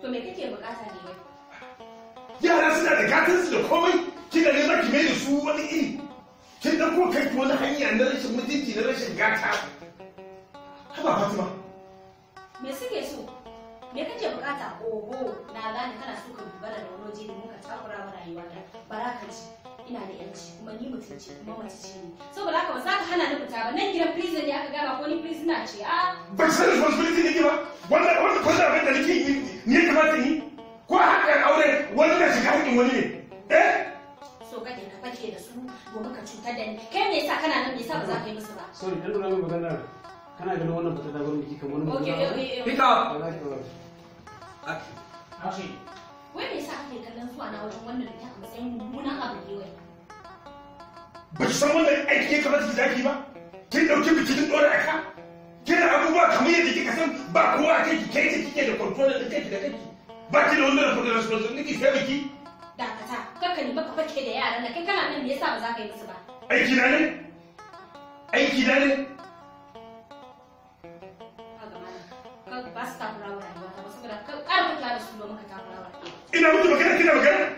To me kake bukata ne? Yara suna da su da komai, kina ne za ki da su wani iri. Kin ɗauko kai wani hanya na rashin mutunci na rashin gata. Haba Fatima. Me suke so? Me kake bukata? Oho, na gane kana so ka dubara da wani waje da muka takura wa rayuwa ta. Bara ka ci. Ina da yanci kuma ni mutunci kuma mace ce ni. Saboda haka ba za ka hana ni fita ba nan gidan please ka gama ko ni prisoner ce a ba san responsibility ne ba wannan wannan ko da abin da yi ne yi ko a aure wani na shiga hakin wani ne eh so kake ka da su gobe ka cutar da ni kai me yasa kana nan me yasa ba za ka yi musu ba sorry dan lura magana kana ganin wannan wani magana pick up action wai me yasa kake kallon zuwa na wajen wannan da ta a matsayin mummunan abu ne wai ba san wannan aiki ne kamar ki zaki ba ɗauki biki kin ɗora a ka kina abubuwa kamar yadda kika san ba kowa a kai ki kai ce kike da control da kanki da kanki ba ki da wannan responsibility sai biki dakata kakka ne baka fake da yaran nan kai kana nan me yasa ba za ka yi musu ba aiki na ne aiki na ne ka ka ba ba ta da su ina mutu magana kina magana